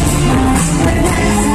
Yes.